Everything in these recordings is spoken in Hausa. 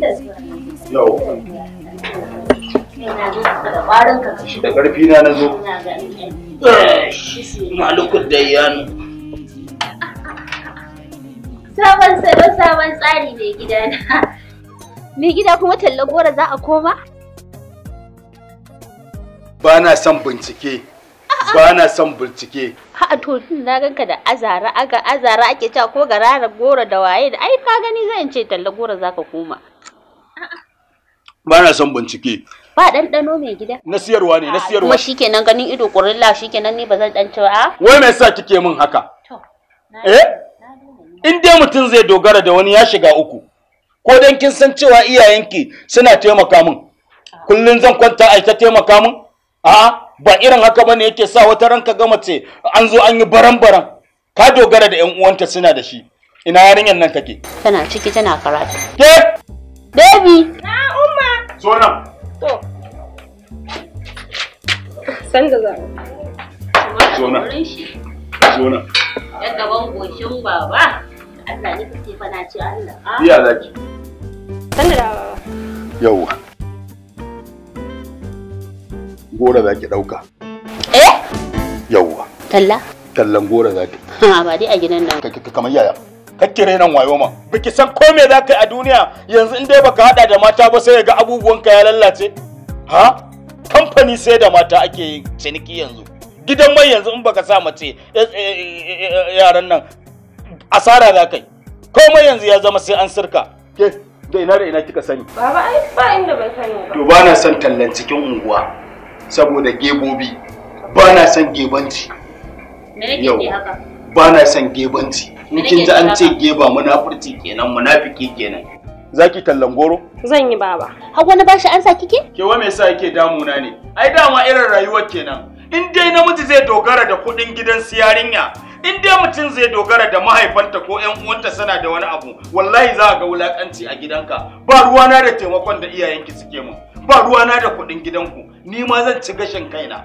da ƙarfi na na zo malukun da yanu sabon salo sabon tsari mai gida na mai gida kuma talla gora za a koma ba na son bincike ba na son bincike a to na ganka da azara aka azara ake cewa ko garara gora da waye da ai ka gani zan ce talla gora ka koma ba na son bincike ba ɗanɗano mai gida na siyarwa ne na ah, siyarwa kuma shikenan ganin ido kurilla shikenan ne ba zan dan cewa ah? wai me yasa kike min haka eh in dai mutum zai dogara da wani ya shiga uku ko dan kin san cewa iyayenki suna taimaka min ah. kullun zan kwanta a ta taimaka min a'a ba irin haka ba bane yake sa wata ranka ga mace an zo an yi baran-baran ka dogara da 'yan uwanta suna da shi ina yarinyar nan take tana ciki tana karatu ke baby sona. nan to san da za zo nan zo nan baba Allah ne fana Allah a ah. iya zaki san baba yawwa gora ɗauka. Eh? Yawwa. Talla? Tallan gora za ki. Ha ba dai a gidan nan. Kamar yaya? kakkire nan wayo ma biki san ko me za ka yi a duniya yanzu in dai baka hada da mata ba sai ga abubuwanka ya lallace ha kamfani sai da mata ake ciniki yanzu gidan mai yanzu in baka sa mace eh, eh, eh, yaran nan asara za kai komai yanzu ya zama sai an sirka ke da ina da ina kika sani baba ai ba inda ban sani ba to ba na son tallan cikin unguwa saboda gebobi ba na son gebanci me yake haka ba na son gebanci in kin ji an ce geba munafurci kenan munafiki kenan zaki tallan goro zan yi baba har wani bashi an sa kike ke wa me yasa yake damuna ne ai dama irin rayuwar kenan in dai namiji zai dogara da kuɗin gidan siyarinya in dai mutum zai dogara da mahaifanta ko 'yan uwanta sana da wani abu wallahi za ga wulakanci a gidanka ba ruwa na da taimakon da iyayenki suke mun ba ruwana da kuɗin gidanku ni ma zan ci gashin kaina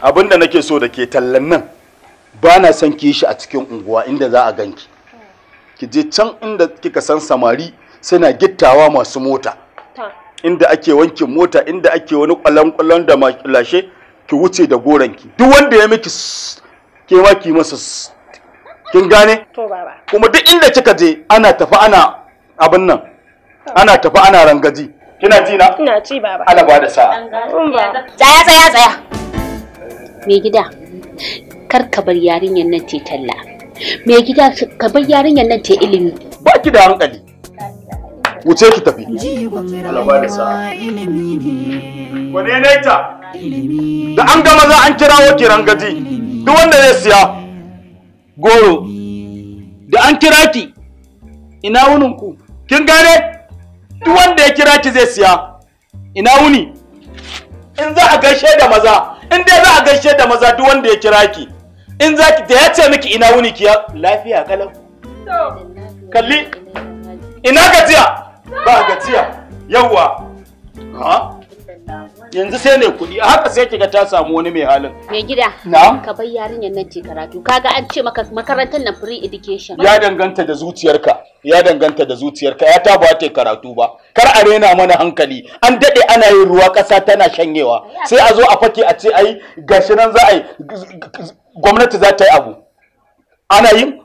abinda nake so da ke tallan nan ba na son ki shi a cikin unguwa inda za a ganki ki je can inda kika san samari suna gittawa masu mota inda ake wankin mota inda ake wani kwallon-kwallon da lashe ki wuce da goranki duk wanda ya miki ke ma ki masa kin gane kuma duk inda kika je ana tafi ana abin nan ana tafi ana rangaji kina ji na ina ci baba ana ba da sa'a tsaya tsaya tsaya me gida kar ka bar yarinyar nan ta talla mai gida ka bar yarinyar nan ta ilimi ba ki da hankali wuce ki tafi da wane ne ta da an gama za an kirawo kiran gaji duk wanda zai siya goro da an kira ki ina wunin ku kin gane duk wanda ya kira ki zai siya ina wuni in za a gaishe da maza in dai za a gaishe da maza duk wanda ya kira ki in za ki da ya ce miki ina wuni ki lafiya kalau kalli ina gajiya ba gajiya yawwa ha yanzu sai ne kuɗi a haka sai kiga ta samu wani mai halin mai gida Na. ka bar yarinyar nan ce karatu kaga an ce maka makarantar nan free education ya danganta da zuciyarka ya danganta da zuciyarka ya ta ba ta karatu ba kar a rena mana hankali an dade ana yin ruwa ƙasa tana shanyewa sai a zo a fake a ce ai gashi nan za a yi gwamnati za ta yi abu ana yin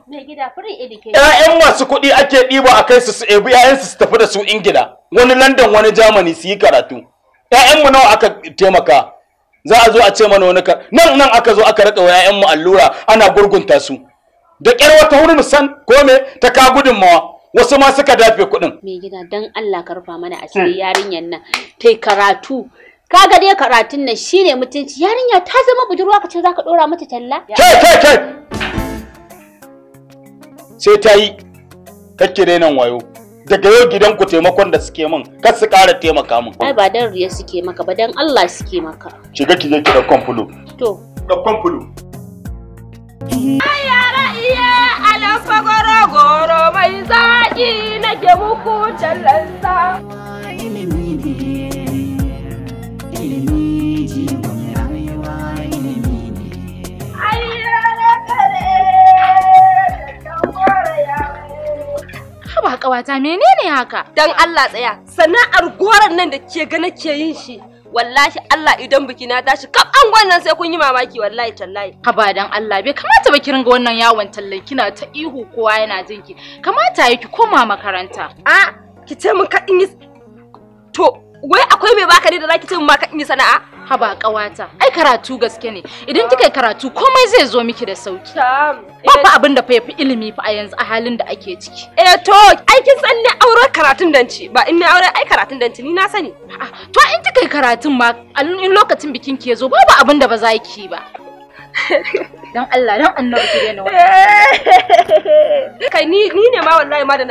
‘ya'yan masu kuɗi ake ɗiba a kai su su ebi su su tafi da su ingila wani london wani germany su yi karatu Ya'yanmu nawa aka taimaka za a zo a ce mana wani nan nan aka zo aka rika wa ya'yanmu allura ana gurgunta su da ƙyar wata hurin san ko me ta ka gudunmawa wasu ma suka dafe kuɗin. Me gida don Allah ka rufa mana cikin hmm. yarinyar nan ta karatu kaga dai karatun nan shine mutunci yarinya ta zama budurwa ka ce za ka ɗora mata talla. Kai kai kai sai ta yi kake nan wayo. daga yau gidan ku taimakon da suke min kar su ƙara taimaka min ai ba dan riya suke maka ba dan Allah suke maka shiga ki je ki da fulu to daukan Ai yara iya alafa goro goro mai zaki nake muku tallansa ilimi ne ilimi haba ƙawata menene haka dan Allah tsaya sana'ar goron nan da ke ga nake yin shi wallahi Allah idan biki na tashi kaf an gwannan sai kun yi mamaki wallahi tallahi ba dan Allah bai kamata ba ki ringa wannan yawon tallan kina ta ihu kowa yana jin ki kamata ki koma makaranta a ki ce mun ka in to wai akwai mai baka da zaki ce ma ka yi sana'a haba kawata ai karatu gaske ne idan kika karatu komai zai zo miki da sauki ba fa eh. abin da fa yafi ilimi fa a yanzu a halin da ake ciki eh to ai kin san ne auren karatun danci ba in ne auren ai karatun danci ni na sani ah, to in kika karatun ma a lokacin bikin ki yazo babu abin da ba za ki ba dan Allah dan Allah ki ne wannan eh. kai ni ni ne ma wallahi ma da